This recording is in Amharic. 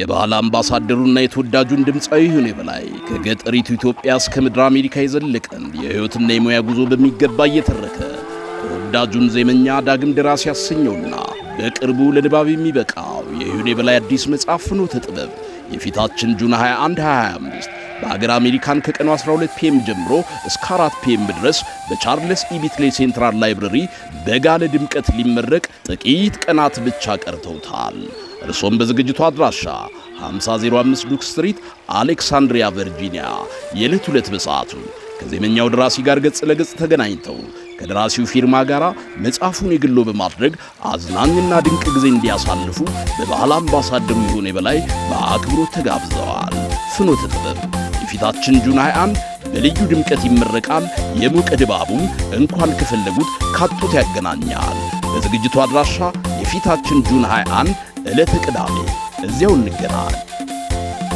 የባህል አምባሳደሩና የተወዳጁን ድምፃዊ ይሁኔ በላይ ከገጠሪቱ ኢትዮጵያ እስከ ምድር አሜሪካ የዘለቀን የሕይወትና የሙያ ጉዞ በሚገባ እየተረከ ተወዳጁን ዜመኛ ዳግም ደራሲ ያሰኘውና በቅርቡ ለንባብ የሚበቃው የይሁኔ በላይ አዲስ መጽሐፍ ፍኖተ ጥበብ የፊታችን ጁን 21 25 በሀገር አሜሪካን ከቀኑ 12 ፒኤም ጀምሮ እስከ 4 ፒኤም ድረስ በቻርልስ ኢቢትሌ ሴንትራል ላይብረሪ በጋለ ድምቀት ሊመረቅ ጥቂት ቀናት ብቻ ቀርተውታል። እርሶም በዝግጅቱ አድራሻ 5005 ዱክ ስትሪት አሌክሳንድሪያ ቨርጂኒያ የዕለት ሁለት በሰዓቱ ከዜመኛው ደራሲ ጋር ገጽ ለገጽ ተገናኝተው ከደራሲው ፊርማ ጋር መጽሐፉን የግሎ በማድረግ አዝናኝና ድንቅ ጊዜ እንዲያሳልፉ በባህል አምባሳደሩ ይሁኔ በላይ በአክብሮት ተጋብዘዋል። ፍኖተ ጥበብ የፊታችን ጁን 21 በልዩ ድምቀት ይመረቃል። የሞቀ ድባቡም እንኳን ከፈለጉት ካጡት ያገናኛል። በዝግጅቱ አድራሻ የፊታችን ጁን 21 ዕለተ ቅዳሜ እዚያው እንገናኝ።